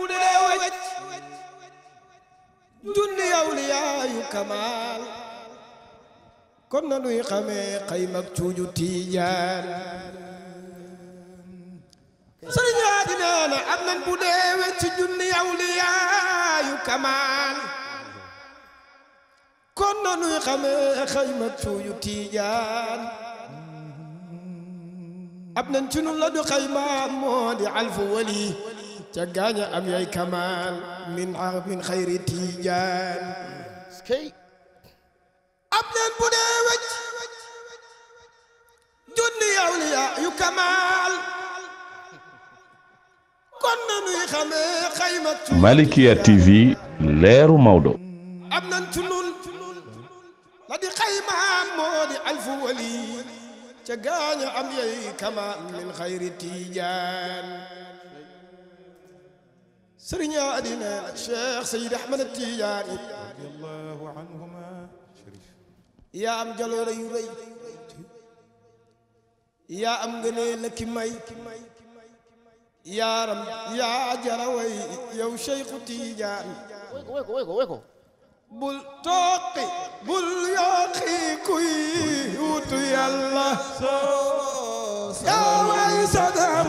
bu dee wecc junni awliyaayu kamaal kon cuuju tiijaan sëriñ Haadi nee na am nan bu dee wecc junni kamaal kon na nuy xamee xaymak cuuju tiijaan ab nan ci nun la du xaymaam moo di alfu wali ca gaaña am yay kamaal min arabin xayri tiijaan ab leen bu dee wëcc junni awliya yu kamaal kon nanuy xamee xayma Malikia TV leeru Maodo am nan ci nun la di xaymaan moo alfu wali ca gaaña am yay kamaal min xayri tiijaan sëriñ adina cheikh sayid ahmad tijaani radiyallahu anhuma yaa am jaloore yu rëy yaa am ngëneel ki may yaaram yaa jaraway yow cheikhu tijaani bul tooqi bul yooqi kuy wutu yàlla yaa way sadam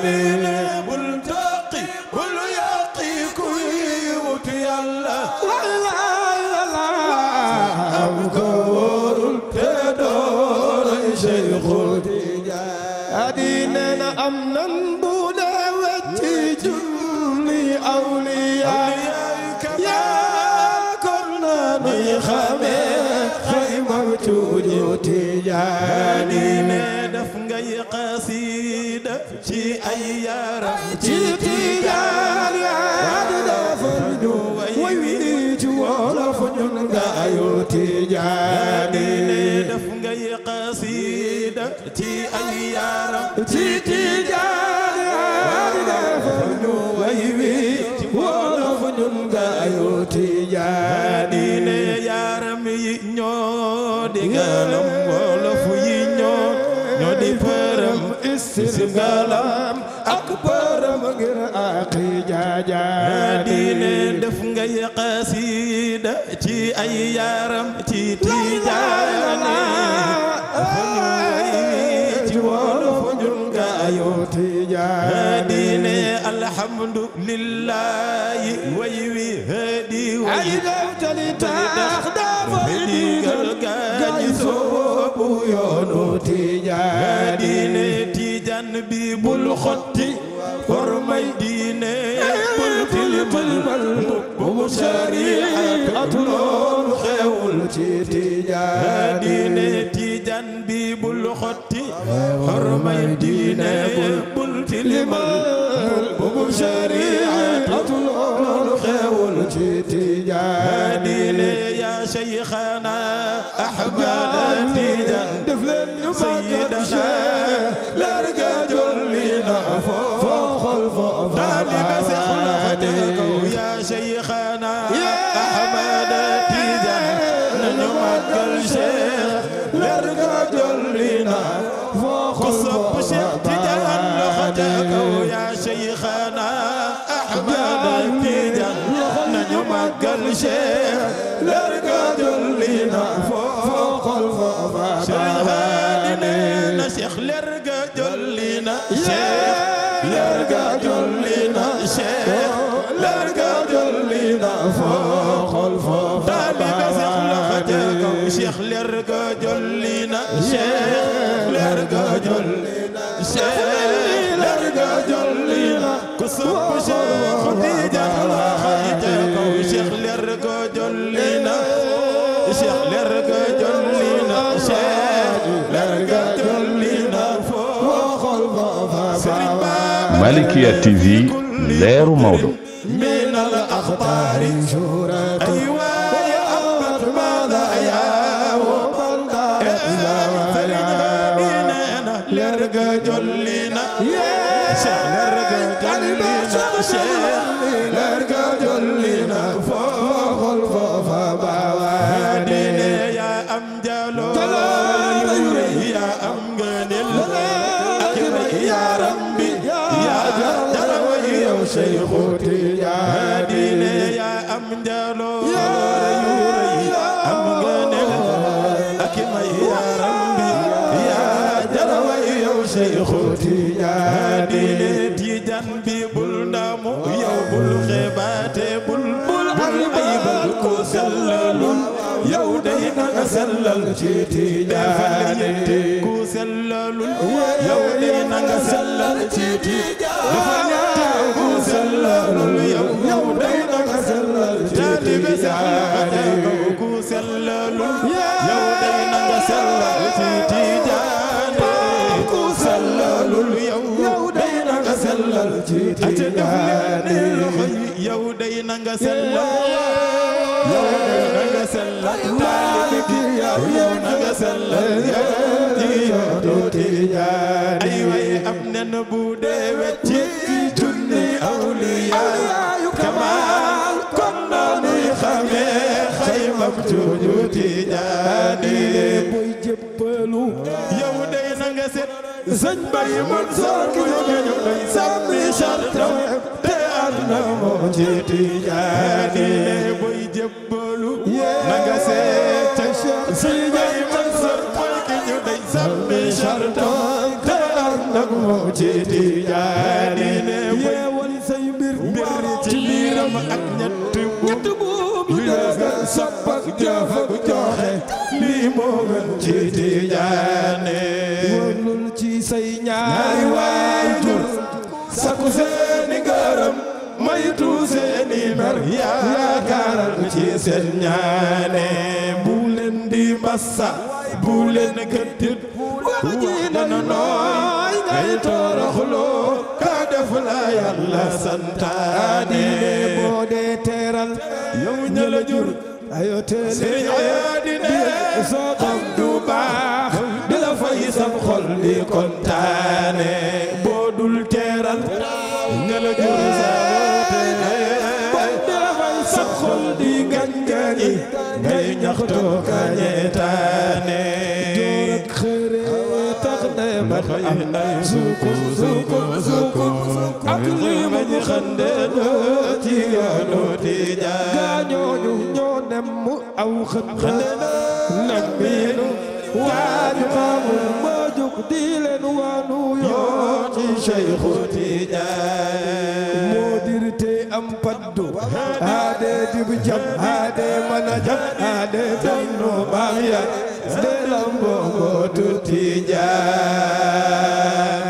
amiin la ci ay yaram ci tijaan yaa dafa ñu way wi ci wolof ñun nga ayu tijaani def ngay qasida ci ay yaram ci tijaan yaa dafa ñu way wi ci wolof ñun nga ayu tijaani ne yaram yi ñoo di ganam wolof yi ñoo ñoo di sir ngalam ak param ngir aqi jaaja diine def qasida ci ay yaram ci tijaane ci wolo fujun ga ayo tijaane diine alhamdulillahi way hadi way dawtali tax dafa digal ga ni so bu yoonu tijaane bul xotti xormay diine bul tilbal bal bu sariat ak loolu xewul ci tijaan diine tijaan bi bul xotti xormay Cheikh leer ga jolli na Cheikh leer ga jolli na Cheikh leer ga jolli na ku sopp Cheikh Khadija la xayta kaw Cheikh leer ga jolli na Cheikh leer ga jolli na Cheikh leer ga jolli na foo xol ba fa Malikia TV leeru Maodo أخطار شورة أيوة يا أحمد ماذا يا وطلع إلى ويانا لرقى جلنا لرقى جلنا لرقى جلنا فوق الخوف بعواني يا أمجلو Seexu Tijaani Tijaan bi bul ndamu yow bul xebaate bul bul ayibal ko sellalul yow day nanga sellal ci Tijaani ku sellalul sellul yow day na nga sellal ci tiyaani yow day na nga sellal yow day na nga sellal taalibe gi yow yow na nga sellal yow ci yoonu tiyaani ay way ab nen bu dee wecci junni awliyaa kamaal kon noonu xamee xaymam sëñ bay Mansoor ki jóge ñu lay sàmmi sartam te ar na moo ci Tijaani boy jébbalu na nga seet ca sëñ bay Mansoor mooy ki ñu lay sàmmi sartam te ar na moo ci Tijaani yeewal say mbir mbir ci biiram ak ñett soppak jëf ak joxe lii moo gën ci Tijaani sàkku seeni ngërëm maytu seeni mer yaakaaral ci seen ñaane bu leen di mbassa bu leen gëddit wax ji dana nooy ngay toroxloo ka def la santaane boo dee teeral yow ña jur ayo teel a di ne soo xam du baax di la fay xol di kontaane ñaxtu kañetaane joor ak xëre tax na mat am nay suku suku suku ak li mañ xande doo ci yoonu Tijaan gaañooñu ñoo nemm aw xënd nag biinu waaju xamul moo jóg di leen waanu Seexu Tijaan moodirte am paddu haade dib jam haade mana jam haade benno baaya de lambo ngootu Tijaan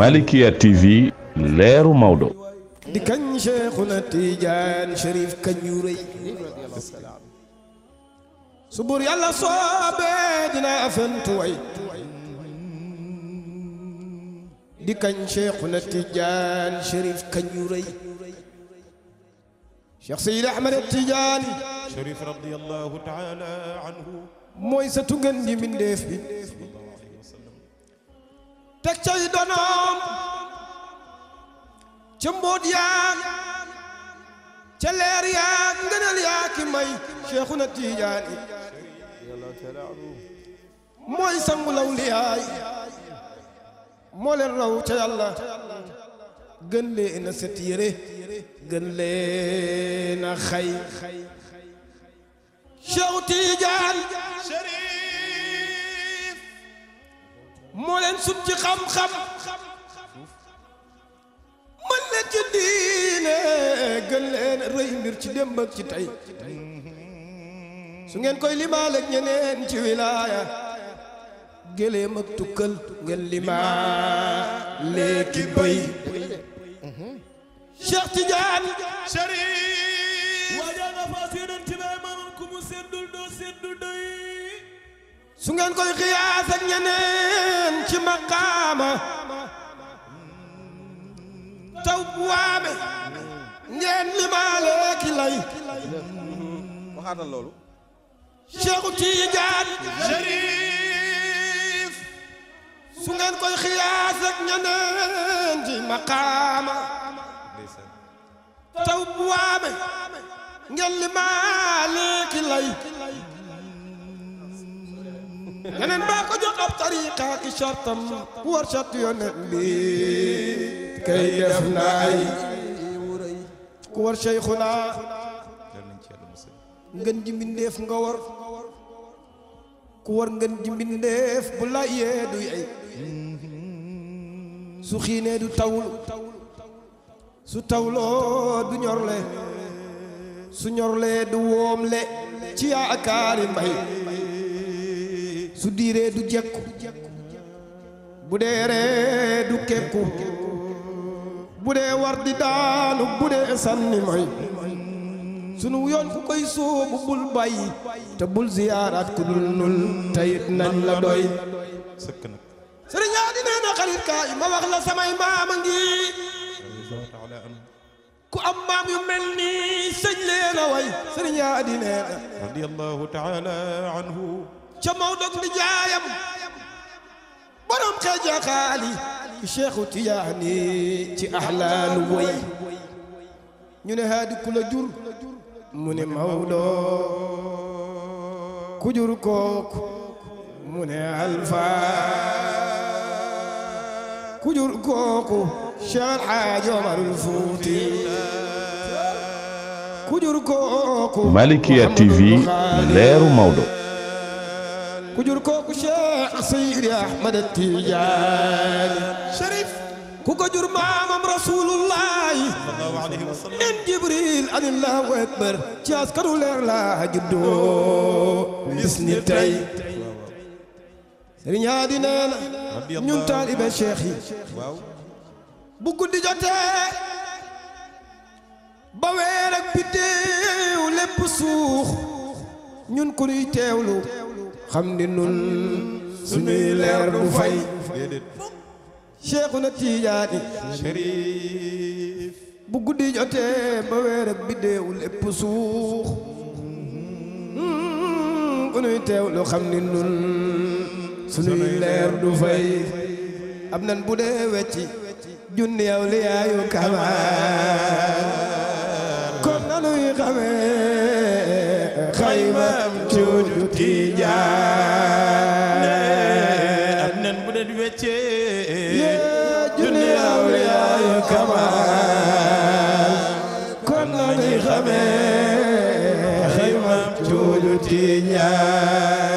Malikia TV leeru Maodo di kañ Seexuna Tijaan Cherif kañ yu su buur yàlla soobee dina afantu di kañ Cheikhuna Tidiane Chérif kañu rëy Cheikh Seydi Ahmed Tidiane Chérif radiyallahu taala anhu mooy sa tuggan di mindeef bi teg cay donoom ca mbóot yaag ca leer yaag Seexuna Tijaani mooy sangu lawliyaay moo raw ca yàlla gën leen a set yére gën leen a xay Seexu Tijaan Sariif moo leen sut ci xam-xam mën leen ci diine gën leen rëy mbir ci démb ci tey su ngeen koy limaal ak ñeneen ci wilaaya géléem tukkal ngeen limaale ki bëy Cheikh Tidiane Chérif waajal nga fas yéeneen ku mu seddul doo seddu doy su ngeen koy xiyaas ñeneen ci maqaama taw bu waame ngeen lay loolu Cheikhu Tiijaan Cherif su ngeen koy xiyaas ak ñeneen ci maqaama taw bu waame ngeen li maaleeki lay yeneen baa ko jox ab tariqa ki sartam war sart yonent bi kay def naay ku war Cheikhuna ngeen ji mbindeef nga war ku war ngeen ji mbindeef bu layyee du yey su xiinee du tawul su tawloo du ñorle su ñorlee du woomle ci yaakaari mbay su diiree du jekku bu dee ree du kekku bu dee war di daanu bu dee sànni mooy sunu yoon ku koy sóobu bul bàyyi te bul ziyaaraat ku dul nun tayit nañ la doy sëkk nag di nee na xarit kaay ma wax la samay maam a ngi ku am yu mel nii sëñ leen way sëriñ aa di nee na radiyallahu taala anhu ca Maodo jaayam borom xeeja xaali cheikhu tiyaani ci ahlaalu way ñu ne haadi ku la jur mu ne Maodo ku jur kooku mu ne Alfa ku jur kooku Cheikh Alhaji Omarul Fuuti ku jur kooku. Malikia TV leeru Maodo. ku jur kooku Cheikh Seydi Ahmad Tijaani ku ko jur maamam rasulullahi en jibril allahu akbar ci askanu leer laa juddoo oh, bis ni tey sëriñ Haadi nee na ñun taalibe cheikh yi bu guddi jotee ba weer ak lépp suux ñun ku nuy teewlu xam ni nun suñuy leer du fay Seexuna Tijaani Shariif bu guddi jotee ba weer ak lépp suux ku teew lu xam ni nun sunuy leer du fay am nan bu dee wecci junni yow kamaan kon nanuy xamee xayma cuuju Tijaan ti ñaan